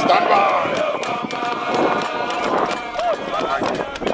Stand by!